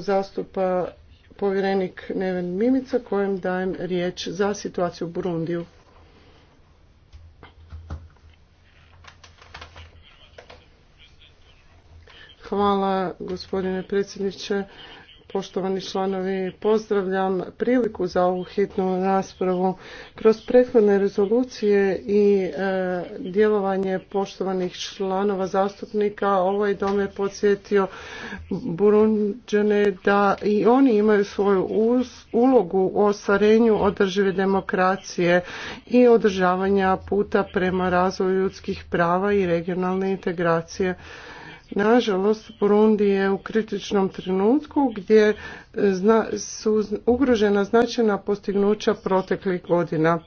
zastupa povjerenik Neven Mimica kojem dajem riječ za situaciju u Burundiju. Hvala gospodine predsjedniče. Poštovani članovi, pozdravljam priliku za ovu hitnu raspravu. Kroz prethodne rezolucije i e, djelovanje poštovanih članova zastupnika ovaj dom je podsjetio Burundžene da i oni imaju svoju ulogu u ostvarenju održive demokracije i održavanja puta prema razvoju ljudskih prava i regionalne integracije. Nažalost, Burundi je u kritičnom trenutku gdje e, su ugrožena značajna postignuća proteklih godina.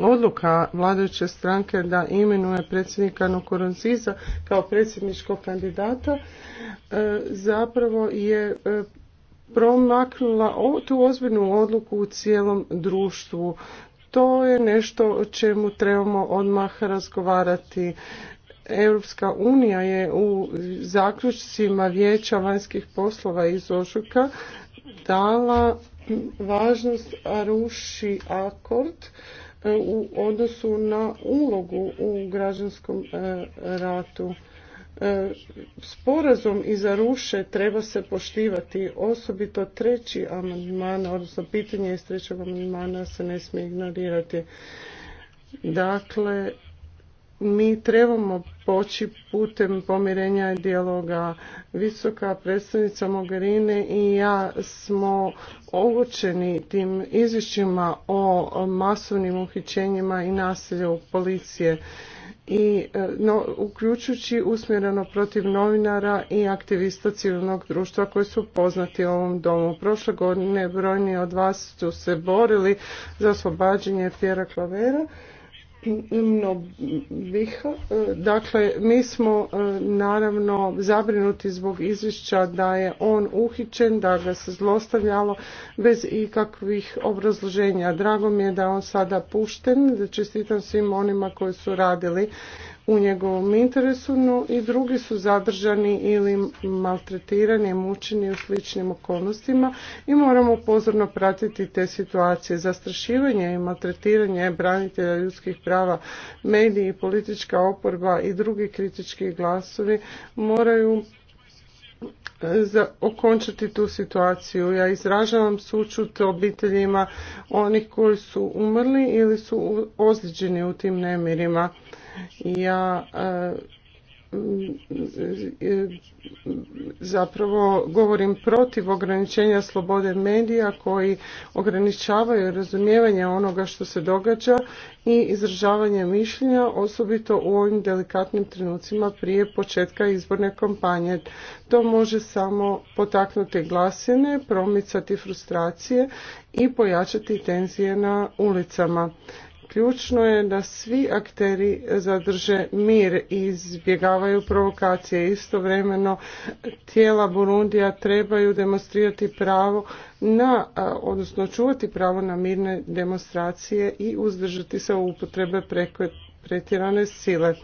Odluka vladajuće stranke da imenuje predsjednika Nukurunziza kao predsjedničkog kandidata e, zapravo je e, promaknula tu ozbiljnu odluku u cijelom društvu. To je nešto o čemu trebamo odmah razgovarati. Europska unija je u zaključcima vijeća vanjskih poslova iz Ožuka dala važnost Aruši akord e, u odnosu na ulogu u građanskom e, ratu. E, sporazum iz Aruše treba se poštivati, osobito treći amandman, odnosno pitanje iz trećeg amandmana se ne smije ignorirati. Dakle, mi trebamo poći putem pomirenja i dijaloga. Visoka predstavnica Mogherine i ja smo ovočeni tim izvješćima o masovnim uhićenjima i nasilju policije i e, no, uključujući usmjereno protiv novinara i aktivista civilnog društva koji su poznati u ovom domu. Prošle godine brojni od vas su se borili za oslobađanje Fjera Klavera bih, e, dakle mi smo e, naravno zabrinuti zbog izvješća da je on uhićen, da ga se zlostavljalo bez ikakvih obrazloženja. Drago mi je da je on sada pušten, da čestitam svim onima koji su radili u njegovom interesu, no i drugi su zadržani ili maltretirani, mučeni u sličnim okolnostima i moramo pozorno pratiti te situacije. Zastrašivanje i maltretiranje branitelja ljudskih prava, mediji, politička oporba i drugi kritički glasovi moraju za okončati tu situaciju. Ja izražavam sučut obiteljima onih koji su umrli ili su ozlijeđeni u tim nemirima. Ja e, zapravo govorim protiv ograničenja slobode medija koji ograničavaju razumijevanje onoga što se događa i izražavanje mišljenja osobito u ovim delikatnim trenucima prije početka izborne kampanje. To može samo potaknuti glasine, promicati frustracije i pojačati tenzije na ulicama ključno je da svi akteri zadrže mir i izbjegavaju provokacije. Istovremeno tijela Burundija trebaju demonstrirati pravo na, odnosno čuvati pravo na mirne demonstracije i uzdržati se upotrebe preko pretjerane sile.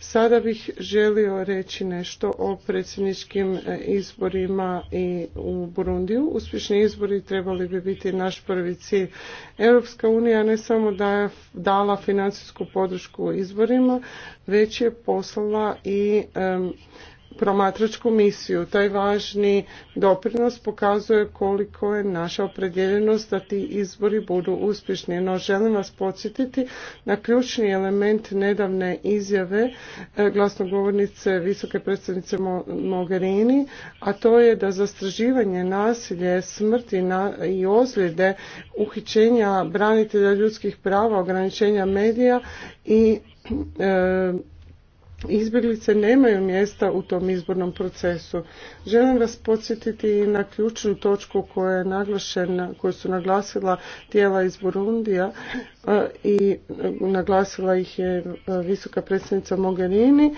Sada bih želio reći nešto o predsjedničkim e, izborima i u Burundiju. Uspješni izbori trebali bi biti naš prvi cilj. Europska unija ne samo da je dala financijsku podršku izborima, već je poslala i promatračku misiju. Taj važni doprinos pokazuje koliko je naša opredjeljenost da ti izbori budu uspješni. No želim vas podsjetiti na ključni element nedavne izjave e, glasnogovornice visoke predstavnice Mogherini, a to je da zastraživanje nasilje, smrti i ozljede, uhićenja branitelja ljudskih prava, ograničenja medija i e, Izbjeglice nemaju mjesta u tom izbornom procesu. Želim vas podsjetiti i na ključnu točku koja je naglašena, koju su naglasila tijela iz Burundija e, i naglasila ih je e, visoka predsjednica Mogherini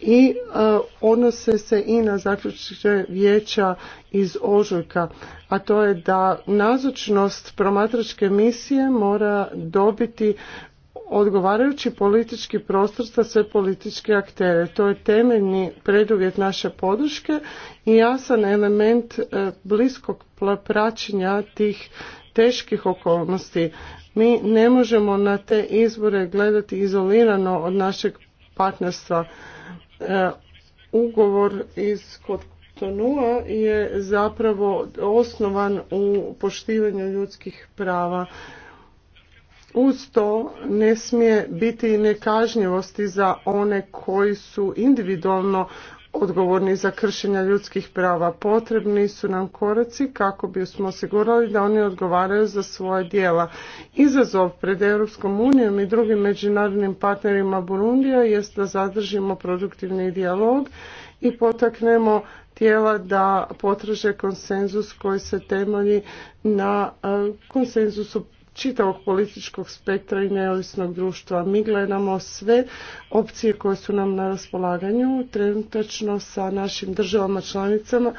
i e, odnose se i na zaključke vijeća iz ožujka, a to je da nazočnost promatračke misije mora dobiti odgovarajući politički prostor za sve političke aktere. To je temeljni preduvjet naše podrške i jasan element e, bliskog praćenja tih teških okolnosti. Mi ne možemo na te izbore gledati izolirano od našeg partnerstva. E, ugovor iz Kotonua je zapravo osnovan u poštivanju ljudskih prava uz to ne smije biti i nekažnjivosti za one koji su individualno odgovorni za kršenja ljudskih prava. Potrebni su nam koraci kako bi smo osigurali da oni odgovaraju za svoje dijela. Izazov pred Europskom unijom i drugim međunarodnim partnerima Burundija jest da zadržimo produktivni dijalog i potaknemo tijela da potraže konsenzus koji se temelji na eh, konsenzusu čitavog političkog spektra i neovisnog društva. Mi gledamo sve opcije koje su nam na raspolaganju trenutačno sa našim državama članicama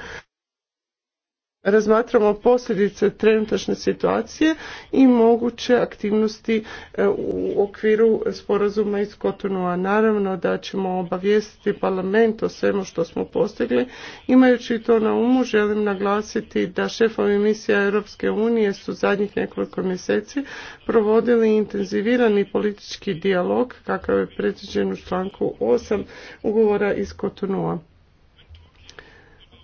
razmatramo posljedice trenutačne situacije i moguće aktivnosti e, u okviru sporazuma iz Kotonua. Naravno da ćemo obavijestiti parlament o svemu što smo postigli. Imajući to na umu želim naglasiti da šefovi misija Europske unije su zadnjih nekoliko mjeseci provodili intenzivirani politički dijalog kakav je predviđen u članku 8 ugovora iz Kotonua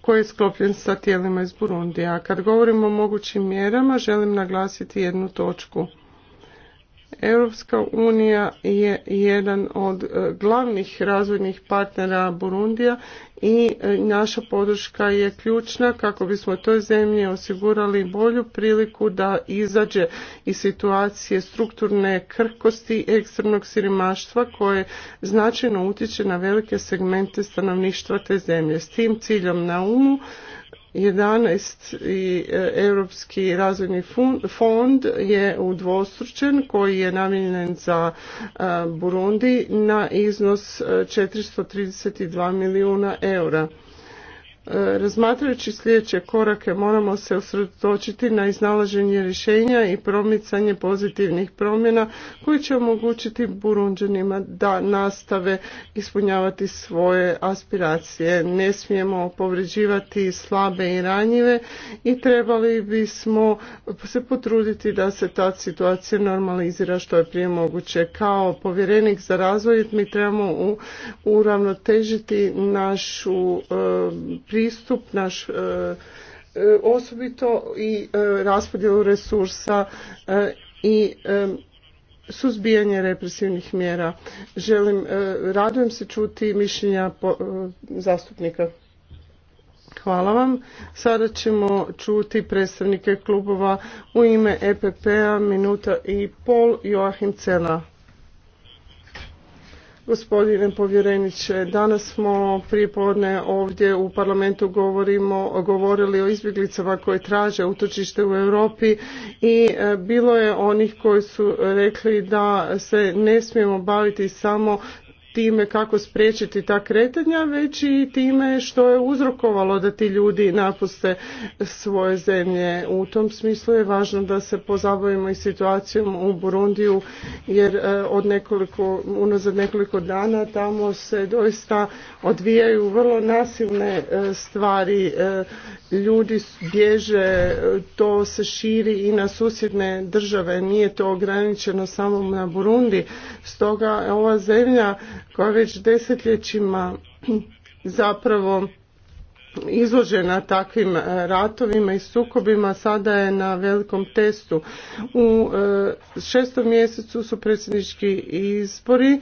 koji je sklopljen sa tijelima iz Burundija. Kad govorimo o mogućim mjerama, želim naglasiti jednu točku. Europska unija je jedan od e, glavnih razvojnih partnera Burundija i e, naša podrška je ključna kako bismo toj zemlji osigurali bolju priliku da izađe iz situacije strukturne krhkosti ekstremnog siromaštva koje značajno utječe na velike segmente stanovništva te zemlje. S tim ciljom na umu 11 i e, Europski razvojni fond je udvostručen koji je namijenjen za e, Burundi na iznos 432 e, milijuna eura. Razmatrajući sljedeće korake moramo se osredotočiti na iznalaženje rješenja i promicanje pozitivnih promjena koji će omogućiti burunđanima da nastave ispunjavati svoje aspiracije. Ne smijemo povređivati slabe i ranjive i trebali bismo se potruditi da se ta situacija normalizira što je prije moguće. Kao povjerenik za razvoj mi trebamo uravnotežiti našu e, pristup, naš e, e, osobito i e, raspodjelu resursa i suzbijanje represivnih mjera. Želim, radujem se čuti mišljenja zastupnika. Hvala vam. Sada ćemo čuti predstavnike klubova u ime EPP-a minuta i pol Joachim Cela. Gospodine povjereniče, danas smo prije povodne ovdje u parlamentu govorimo, govorili o izbjeglicama koje traže utočište u Europi i e, bilo je onih koji su rekli da se ne smijemo baviti samo time kako spriječiti ta kretanja, već i time što je uzrokovalo da ti ljudi napuste svoje zemlje. U tom smislu je važno da se pozabavimo i situacijom u Burundiju, jer e, od nekoliko, unazad nekoliko dana tamo se doista odvijaju vrlo nasilne e, stvari. E, ljudi bježe, to se širi i na susjedne države, nije to ograničeno samo na Burundi. Stoga ova zemlja koja već desetljećima zapravo izložena takvim e, ratovima i sukobima sada je na velikom testu. U e, šestom mjesecu su predsjednički izbori, e,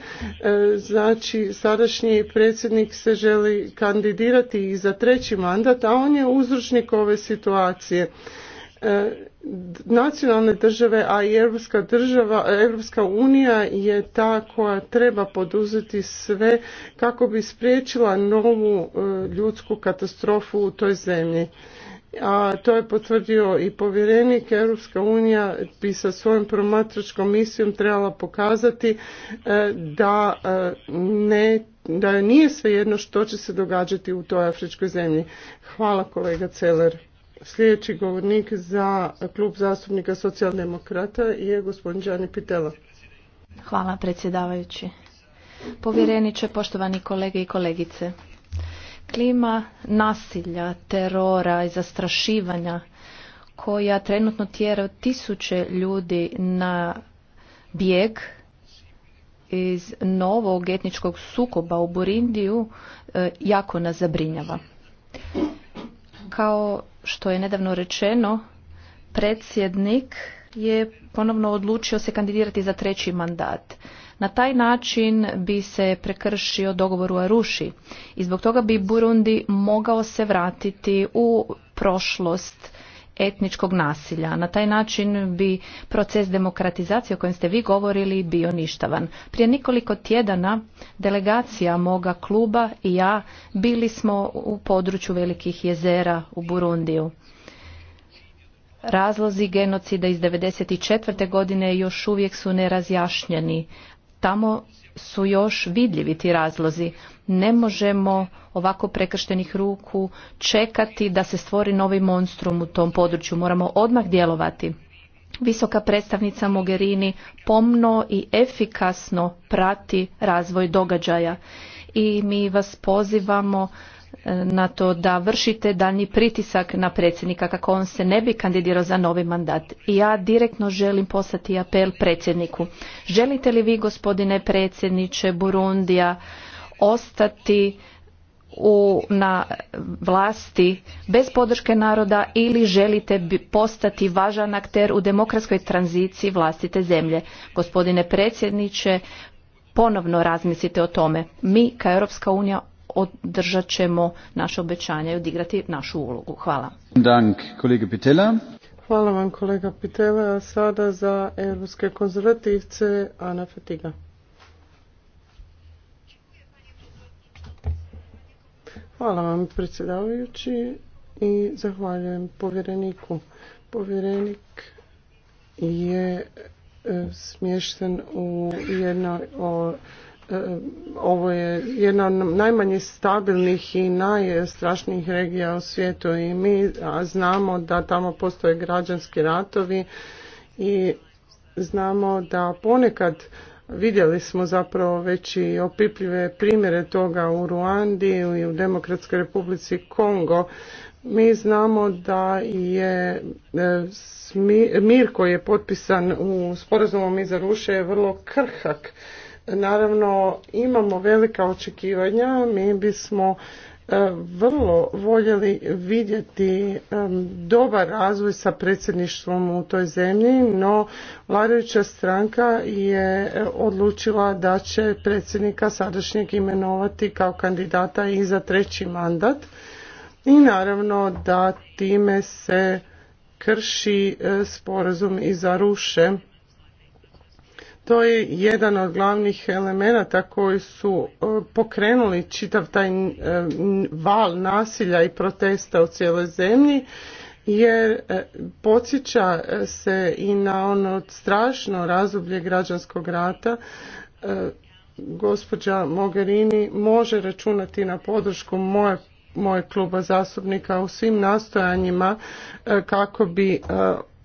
znači sadašnji predsjednik se želi kandidirati i za treći mandat, a on je uzročnik ove situacije nacionalne države, a i Europska država, Europska unija je ta koja treba poduzeti sve kako bi spriječila novu e, ljudsku katastrofu u toj zemlji. A to je potvrdio i povjerenik Europska unija bi sa svojom promatračkom misijom trebala pokazati e, da e, ne da nije svejedno što će se događati u toj afričkoj zemlji. Hvala kolega Celer. Sljedeći govornik za klub zastupnika socijaldemokrata je gospodin Đani Pitela. Hvala predsjedavajući. Povjereniče, poštovani kolege i kolegice. Klima nasilja, terora i zastrašivanja koja trenutno tjera tisuće ljudi na bijeg iz novog etničkog sukoba u Burindiju e, jako nas zabrinjava. Kao što je nedavno rečeno, predsjednik je ponovno odlučio se kandidirati za treći mandat. Na taj način bi se prekršio dogovor u Aruši i zbog toga bi Burundi mogao se vratiti u prošlost etničkog nasilja. Na taj način bi proces demokratizacije o kojem ste vi govorili bio ništavan. Prije nekoliko tjedana delegacija moga kluba i ja bili smo u području velikih jezera u Burundiju. Razlozi genocida iz 1994. godine još uvijek su nerazjašnjeni. Tamo su još vidljivi ti razlozi. Ne možemo ovako prekrštenih ruku čekati da se stvori novi monstrum u tom području. Moramo odmah djelovati. Visoka predstavnica Mogherini pomno i efikasno prati razvoj događaja i mi vas pozivamo e, na to da vršite daljnji pritisak na predsjednika kako on se ne bi kandidirao za novi mandat. I ja direktno želim poslati apel predsjedniku. Želite li vi gospodine predsjedniče Burundija ostati u, na vlasti bez podrške naroda ili želite postati važan akter u demokratskoj tranziciji vlastite zemlje. Gospodine predsjedniče, ponovno razmislite o tome. Mi kao Europska unija održat ćemo naše obećanje i odigrati našu ulogu. Hvala. Dank, kolega Pitela. Hvala vam kolega Pitela. Sada za europske konzervativce Ana Fetiga. Hvala vam predsjedavajući i zahvaljujem povjereniku. Povjerenik je e, smješten u jednoj o e, ovo je jedna od najmanje stabilnih i najstrašnijih regija u svijetu i mi znamo da tamo postoje građanski ratovi i znamo da ponekad Vidjeli smo zapravo već i opipljive primjere toga u Ruandi i u Demokratskoj republici Kongo. Mi znamo da je e, mir koji je potpisan u sporazumom iza Ruše je vrlo krhak. Naravno imamo velika očekivanja, mi bismo E, vrlo voljeli vidjeti e, dobar razvoj sa predsjedništvom u toj zemlji, no vladajuća stranka je e, odlučila da će predsjednika sadašnjeg imenovati kao kandidata i za treći mandat i naravno da time se krši sporazum i zaruše to je jedan od glavnih elemenata koji su e, pokrenuli čitav taj e, val nasilja i protesta u cijeloj zemlji jer e, podsjeća se i na ono strašno razoblje građanskog rata gospođa Mogherini može računati na podršku moje kluba zastupnika u svim nastojanjima kako bi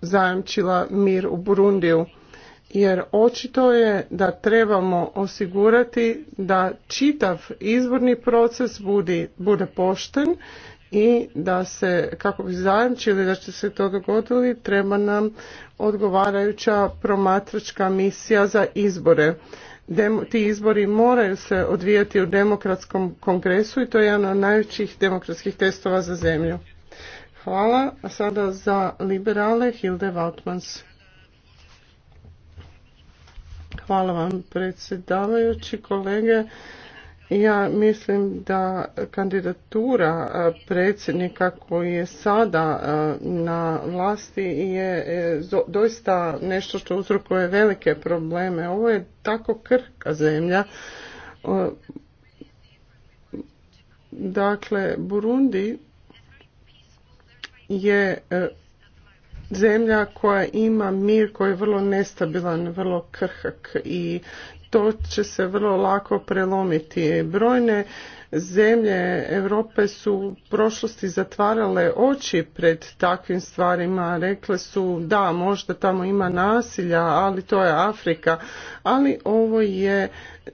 zajamčila mir u Burundiju jer očito je da trebamo osigurati da čitav izborni proces budi, bude pošten i da se, kako bi zajamčili da će se to dogoditi treba nam odgovarajuća promatračka misija za izbore. ti izbori moraju se odvijati u demokratskom kongresu i to je jedan od najvećih demokratskih testova za zemlju. Hvala. A sada za liberale Hilde Waltmans. Hvala vam predsjedavajući kolege. Ja mislim da kandidatura predsjednika koji je sada na vlasti je e, doista nešto što uzrokuje velike probleme. Ovo je tako krka zemlja. Dakle, Burundi je e, zemlja koja ima mir koji je vrlo nestabilan, vrlo krhak i to će se vrlo lako prelomiti. Brojne zemlje Europe su u prošlosti zatvarale oči pred takvim stvarima, rekle su da možda tamo ima nasilja, ali to je Afrika, ali ovo je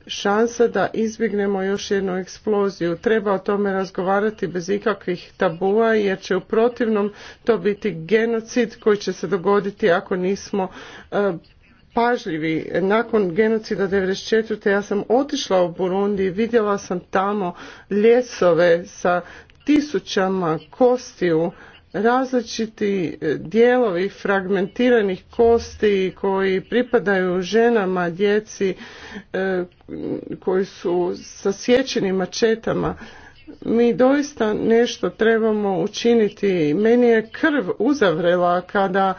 šansa da izbjegnemo još jednu eksploziju. Treba o tome razgovarati bez ikakvih tabua jer će u protivnom to biti genocid koji će se dogoditi ako nismo e, pažljivi. Nakon genocida 1994. ja sam otišla u Burundi i vidjela sam tamo ljesove sa tisućama kostiju različiti e, dijelovi fragmentiranih kosti koji pripadaju ženama, djeci e, koji su sjećenim mačetama. Mi doista nešto trebamo učiniti. Meni je krv uzavrela kada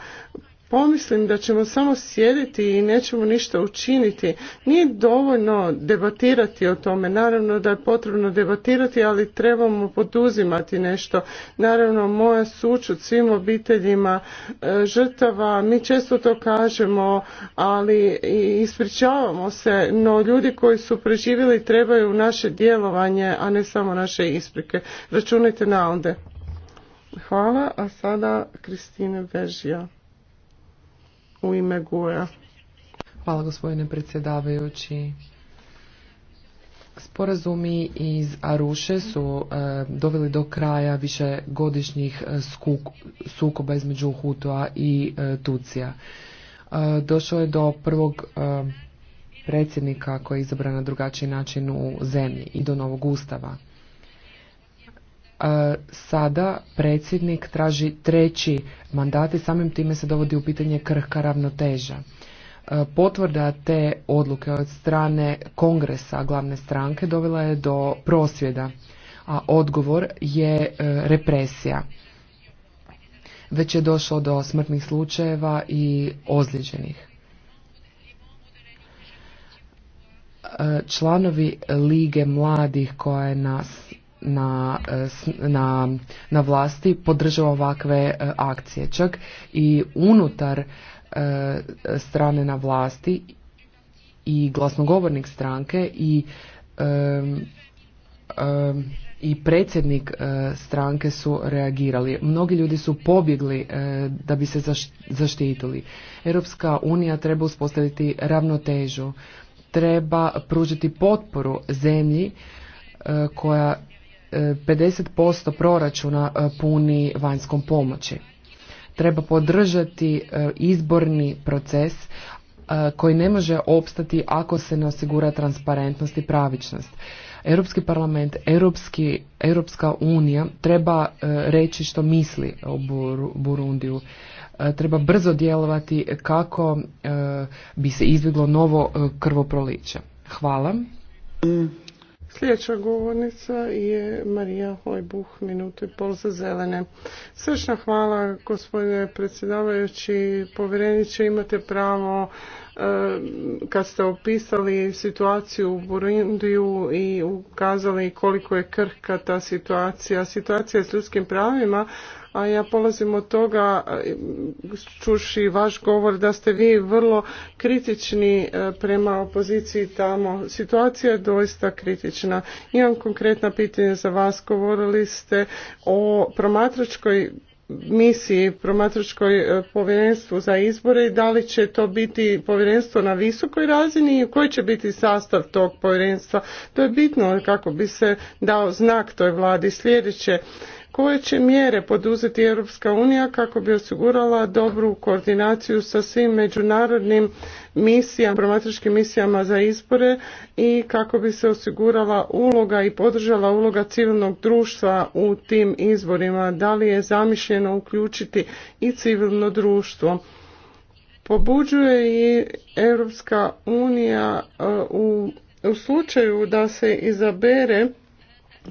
pomislim da ćemo samo sjediti i nećemo ništa učiniti. Nije dovoljno debatirati o tome. Naravno da je potrebno debatirati, ali trebamo poduzimati nešto. Naravno, moja sučut svim obiteljima e, žrtava, mi često to kažemo, ali ispričavamo se, no ljudi koji su preživjeli trebaju naše djelovanje, a ne samo naše isprike. Računajte na onda. Hvala, a sada Kristine Bežija u ime Hvala gospodine predsjedavajući. Sporazumi iz Aruše su e, doveli do kraja višegodišnjih e, skuk, sukoba između Hutua i e, Tucija. E, došlo je do prvog predsjednika koji je izabran na drugačiji način u zemlji i do novog ustava. E, sada predsjednik traži treći mandat i samim time se dovodi u pitanje krhka ravnoteža. E, potvrda te odluke od strane kongresa glavne stranke dovela je do prosvjeda, a odgovor je e, represija. Već je došlo do smrtnih slučajeva i ozlijeđenih. Članovi Lige mladih koja je nas na, e, na, na vlasti podržava ovakve e, akcije. Čak i unutar e, strane na vlasti i glasnogovornik stranke i i predsjednik stranke su reagirali. Mnogi ljudi su pobjegli da bi se zaštitili. Europska unija treba uspostaviti ravnotežu, treba pružiti potporu zemlji koja 50% proračuna e, puni vanjskom pomoći. Treba podržati e, izborni proces e, koji ne može opstati ako se ne osigura transparentnost i pravičnost. Europski parlament, Europski, Europska unija treba reći što misli o Burundiju. Treba brzo djelovati kako bi se izbjeglo novo krvoproliće. Hvala. Mm. Sljedeća govornica je Marija Hojbuh, minute i pol za zelene. Srčna hvala gospodine predsjedavajući, povjereniče imate pravo e, kad ste opisali situaciju u Burundiju i ukazali koliko je krhka ta situacija. Situacija s ljudskim pravima, a ja polazim od toga, čuši vaš govor, da ste vi vrlo kritični e, prema opoziciji tamo. Situacija je doista kritična. Imam konkretna pitanja za vas. Govorili ste o promatračkoj misiji promatračkoj e, povjerenstvu za izbore i da li će to biti povjerenstvo na visokoj razini i koji će biti sastav tog povjerenstva. To je bitno kako bi se dao znak toj vladi. Sljedeće, koje će mjere poduzeti Europska unija kako bi osigurala dobru koordinaciju sa svim međunarodnim misijama, promatračkim misijama za izbore i kako bi se osigurala uloga i podržala uloga civilnog društva u tim izborima, da li je zamišljeno uključiti i civilno društvo pobuđuje i Europska unija e, u slučaju da se izabere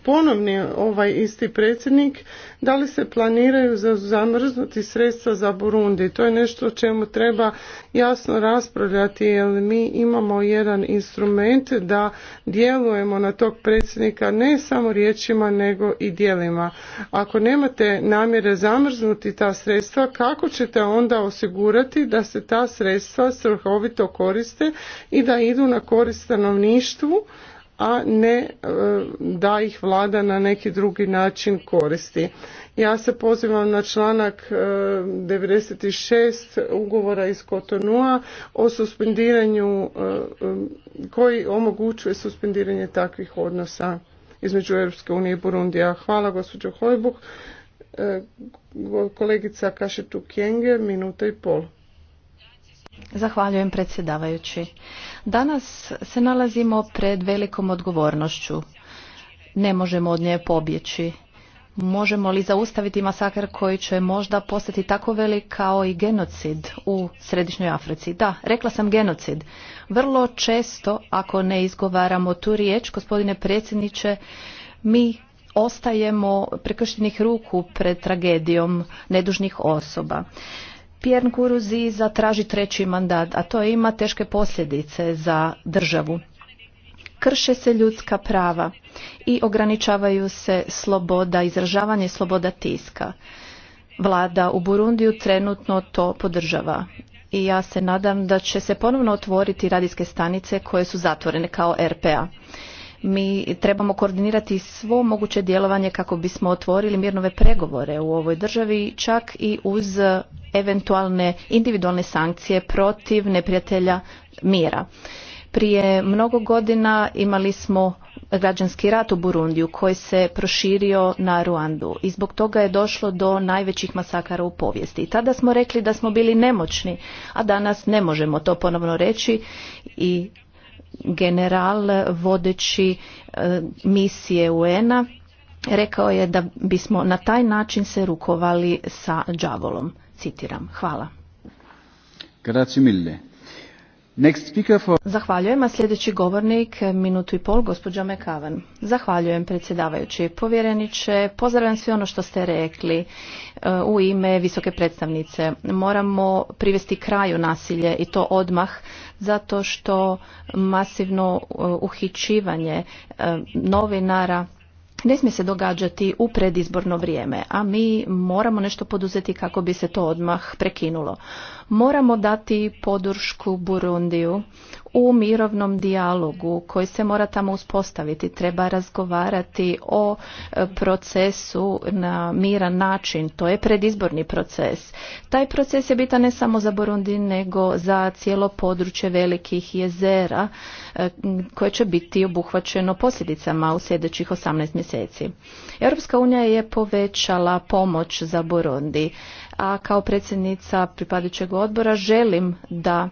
ponovni ovaj isti predsjednik, da li se planiraju za zamrznuti sredstva za Burundi. To je nešto o čemu treba jasno raspravljati jer mi imamo jedan instrument da djelujemo na tog predsjednika ne samo riječima nego i dijelima Ako nemate namjere zamrznuti ta sredstva, kako ćete onda osigurati da se ta sredstva svrhovito koriste i da idu na korist stanovništvu, a ne e, da ih vlada na neki drugi način koristi. Ja se pozivam na članak 96 e, ugovora iz Kotonua o suspendiranju e, koji omogućuje suspendiranje takvih odnosa između Europske unije i Burundija. Hvala gospođo Hojbuk. Kolegica Kašetu Kjenge, minuta i pol. Zahvaljujem predsjedavajući. Danas se nalazimo pred velikom odgovornošću. Ne možemo od nje pobjeći. Možemo li zaustaviti masakar koji će možda postati tako velik kao i genocid u Središnjoj Africi? Da, rekla sam genocid. Vrlo često, ako ne izgovaramo tu riječ, gospodine predsjedniče, mi ostajemo prekrštenih ruku pred tragedijom nedužnih osoba. Pierre Nkuruziza traži treći mandat, a to ima teške posljedice za državu. Krše se ljudska prava i ograničavaju se sloboda, izražavanje sloboda tiska. Vlada u Burundiju trenutno to podržava i ja se nadam da će se ponovno otvoriti radijske stanice koje su zatvorene kao RPA. Mi trebamo koordinirati svo moguće djelovanje kako bismo otvorili mirnove pregovore u ovoj državi, čak i uz eventualne individualne sankcije protiv neprijatelja mira. Prije mnogo godina imali smo građanski rat u Burundiju koji se proširio na Ruandu i zbog toga je došlo do najvećih masakara u povijesti. I tada smo rekli da smo bili nemoćni, a danas ne možemo to ponovno reći i general vodeći e, misije UN-a rekao je da bismo na taj način se rukovali sa đavolom. Citiram. Hvala. Grazie mille. Zahvaljujem, a sljedeći govornik minutu i pol, gospođa Mekavan. Zahvaljujem, predsjedavajući povjereniče. Pozdravljam sve ono što ste rekli e, u ime visoke predstavnice. Moramo privesti kraju nasilje i to odmah zato što masivno e, uhićivanje e, novinara ne smije se događati u predizborno vrijeme, a mi moramo nešto poduzeti kako bi se to odmah prekinulo. Moramo dati podršku Burundiju u mirovnom dijalogu koji se mora tamo uspostaviti. Treba razgovarati o e, procesu na miran način. To je predizborni proces. Taj proces je bitan ne samo za Burundi nego za cijelo područje velikih jezera e, koje će biti obuhvaćeno posljedicama u sljedećih 18 mjeseci. Europska unija je povećala pomoć za Burundi a kao predsjednica pripadajućeg odbora želim da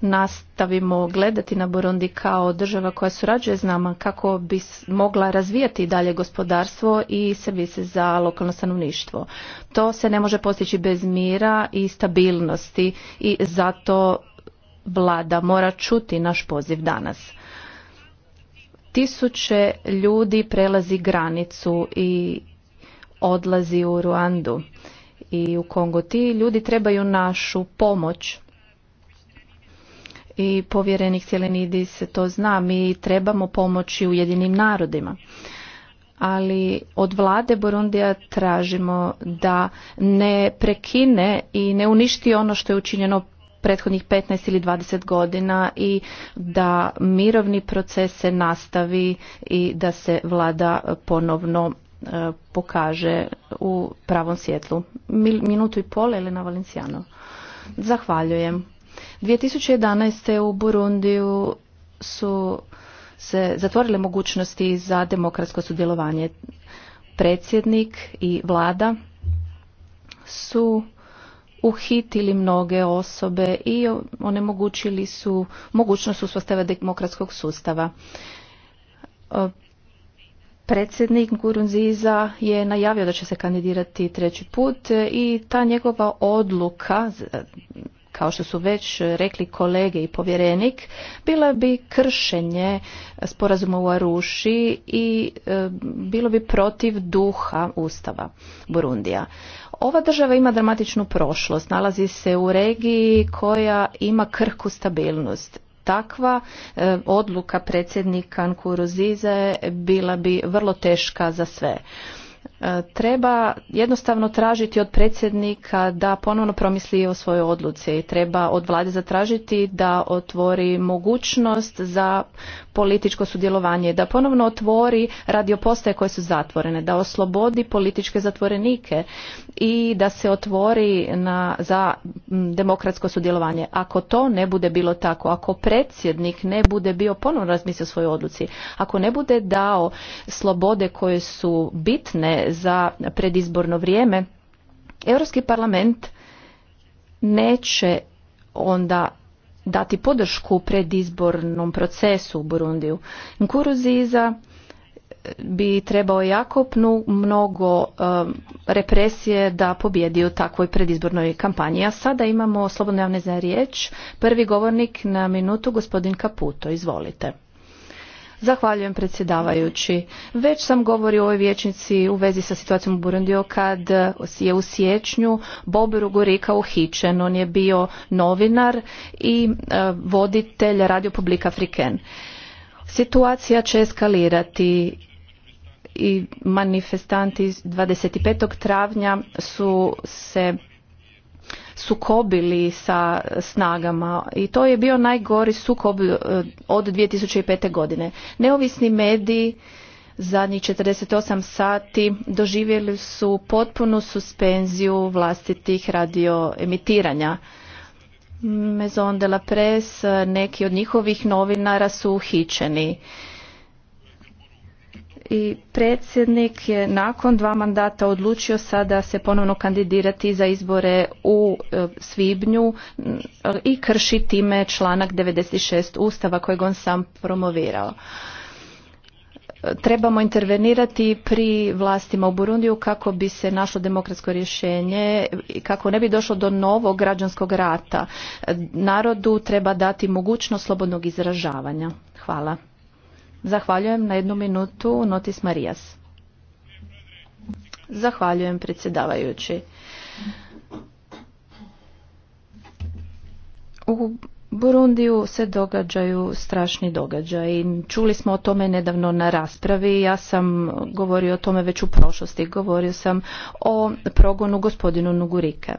nastavimo gledati na Burundi kao država koja surađuje s nama kako bi mogla razvijati dalje gospodarstvo i servise za lokalno stanovništvo. To se ne može postići bez mira i stabilnosti i zato vlada mora čuti naš poziv danas. Tisuće ljudi prelazi granicu i odlazi u Ruandu i u Kongo. Ti ljudi trebaju našu pomoć i povjerenik se to zna. Mi trebamo pomoći Ujedinim narodima ali od vlade Burundija tražimo da ne prekine i ne uništi ono što je učinjeno prethodnih 15 ili 20 godina i da mirovni proces se nastavi i da se vlada ponovno E, pokaže u pravom svjetlu. Minutu i pol, Elena Valenciano. Zahvaljujem. 2011. u Burundiju su se zatvorile mogućnosti za demokratsko sudjelovanje. Predsjednik i vlada su uhitili mnoge osobe i onemogućili su mogućnost uspostave demokratskog sustava Predsjednik Gurunziza je najavio da će se kandidirati treći put i ta njegova odluka, kao što su već rekli kolege i povjerenik, bila bi kršenje sporazuma u Aruši i e, bilo bi protiv duha Ustava Burundija. Ova država ima dramatičnu prošlost, nalazi se u regiji koja ima krhku stabilnost takva e, odluka predsjednika Zize bila bi vrlo teška za sve. E, treba jednostavno tražiti od predsjednika da ponovno promisli o svojoj odluci i treba od vlade zatražiti da otvori mogućnost za političko sudjelovanje, da ponovno otvori radiopostaje koje su zatvorene, da oslobodi političke zatvorenike i da se otvori na, za demokratsko sudjelovanje. Ako to ne bude bilo tako, ako predsjednik ne bude bio ponovno razmislio o svojoj odluci, ako ne bude dao slobode koje su bitne za predizborno vrijeme, Europski parlament neće onda dati podršku predizbornom procesu u Burundiju. Nkuruziza bi trebao jako mnogo um, represije da pobjedi u takvoj predizbornoj kampanji. A sada imamo slobodno javne za riječ. Prvi govornik na minutu, gospodin Kaputo. Izvolite. Zahvaljujem predsjedavajući. Već sam govorio o ovoj vječnici u vezi sa situacijom u Burundiju kad je u siječnju Bob Rugurika uhićen. On je bio novinar i e, voditelj Radio Publika Afriken. Situacija će eskalirati i manifestanti 25. travnja su se sukobili sa snagama i to je bio najgori sukob e, od 2005. godine. Neovisni mediji zadnjih 48 sati doživjeli su potpunu suspenziju vlastitih radioemitiranja. Maison de la Presse, neki od njihovih novinara su uhićeni i predsjednik je nakon dva mandata odlučio sada se ponovno kandidirati za izbore u e, svibnju i krši time članak 96 ustava kojeg on sam promovirao trebamo intervenirati pri vlastima u Burundiju kako bi se našlo demokratsko rješenje i kako ne bi došlo do novog građanskog rata. Narodu treba dati mogućnost slobodnog izražavanja. Hvala. Zahvaljujem na jednu minutu Notis Marijas. Zahvaljujem predsjedavajući. U Burundiju se događaju strašni događaj. Čuli smo o tome nedavno na raspravi. Ja sam govorio o tome već u prošlosti. Govorio sam o progonu gospodinu Nugurike.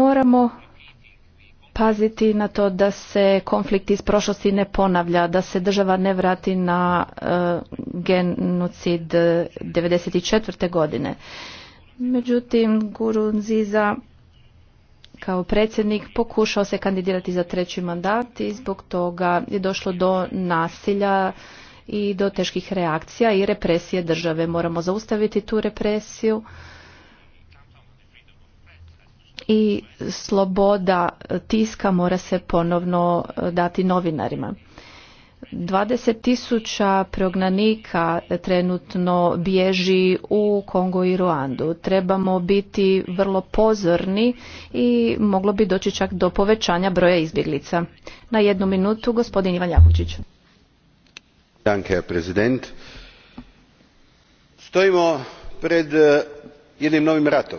Moramo paziti na to da se konflikt iz prošlosti ne ponavlja, da se država ne vrati na e, genocid 1994. E, godine. Međutim, Guru Nziza kao predsjednik pokušao se kandidirati za treći mandat i zbog toga je došlo do nasilja i do teških reakcija i represije države. Moramo zaustaviti tu represiju i sloboda tiska mora se ponovno eh, dati novinarima. 20.000 tisuća prognanika trenutno bježi u Kongo i Ruandu. Trebamo biti vrlo pozorni i moglo bi doći čak do povećanja broja izbjeglica. Na jednu minutu gospodin Ivan Jakučić. Danke, prezident. Stojimo pred eh, jednim novim ratom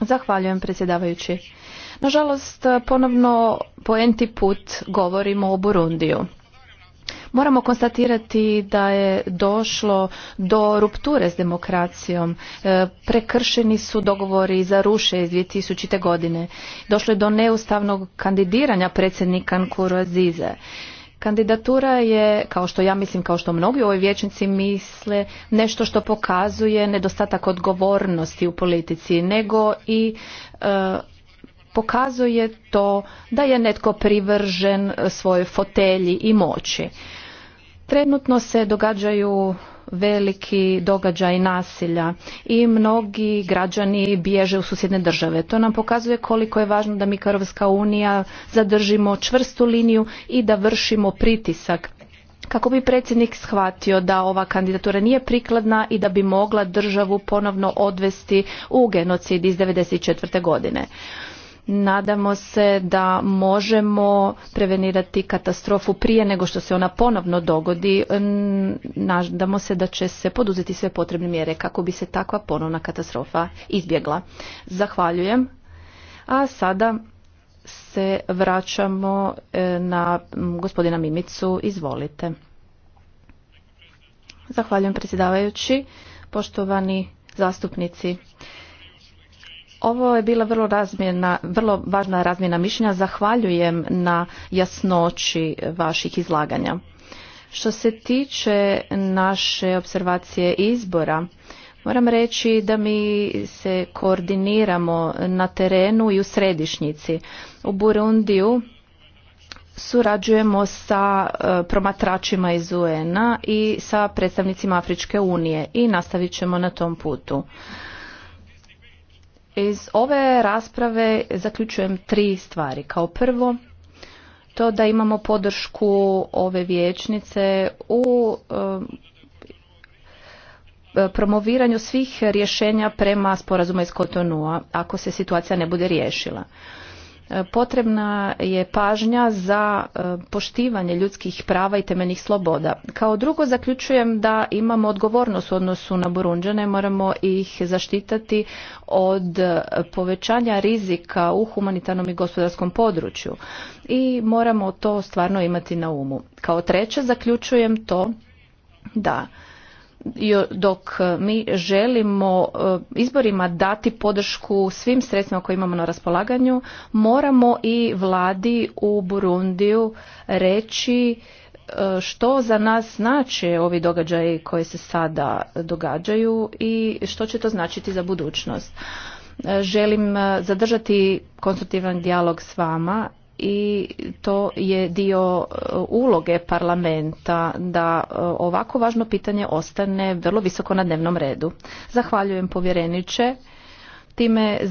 Zahvaljujem predsjedavajući. Nažalost, ponovno po enti put govorimo o Burundiju. Moramo konstatirati da je došlo do rupture s demokracijom. E, prekršeni su dogovori za ruše iz 2000. godine. Došlo je do neustavnog kandidiranja predsjednika Nkuru Azize. Kandidatura je, kao što ja mislim, kao što mnogi u ovoj vječnici misle, nešto što pokazuje nedostatak odgovornosti u politici, nego i e, pokazuje to da je netko privržen svojoj fotelji i moći. Trenutno se događaju veliki događaj nasilja i mnogi građani bježe u susjedne države. To nam pokazuje koliko je važno da mi Karovska unija zadržimo čvrstu liniju i da vršimo pritisak kako bi predsjednik shvatio da ova kandidatura nije prikladna i da bi mogla državu ponovno odvesti u genocid iz 1994. godine. Nadamo se da možemo prevenirati katastrofu prije nego što se ona ponovno dogodi. Nadamo se da će se poduzeti sve potrebne mjere kako bi se takva ponovna katastrofa izbjegla. Zahvaljujem. A sada se vraćamo e, na gospodina Mimicu. Izvolite. Zahvaljujem predsjedavajući, poštovani zastupnici. Ovo je bila vrlo, razmjena, vrlo važna razmjena mišljenja. Zahvaljujem na jasnoći vaših izlaganja. Što se tiče naše observacije izbora, moram reći da mi se koordiniramo na terenu i u središnjici. U Burundiju surađujemo sa e, promatračima iz UN-a i sa predstavnicima Afričke unije i nastavit ćemo na tom putu. Iz ove rasprave zaključujem tri stvari. Kao prvo, to da imamo podršku ove vijećnice u e, promoviranju svih rješenja prema sporazuma iz Kotonua ako se situacija ne bude riješila potrebna je pažnja za e, poštivanje ljudskih prava i temeljnih sloboda. Kao drugo zaključujem da imamo odgovornost u odnosu na Burunđane, moramo ih zaštitati od e, povećanja rizika u humanitarnom i gospodarskom području i moramo to stvarno imati na umu. Kao treće zaključujem to da dok e, mi želimo e, izborima dati podršku svim sredstvima koje imamo na raspolaganju, moramo i vladi u Burundiju reći e, što za nas znače ovi događaji koji se sada događaju i što će to značiti za budućnost. Želim zadržati konstruktivan dijalog s vama i to je dio e, uloge parlamenta da e, ovako važno pitanje ostane vrlo visoko na dnevnom redu. Zahvaljujem povjereniče. Time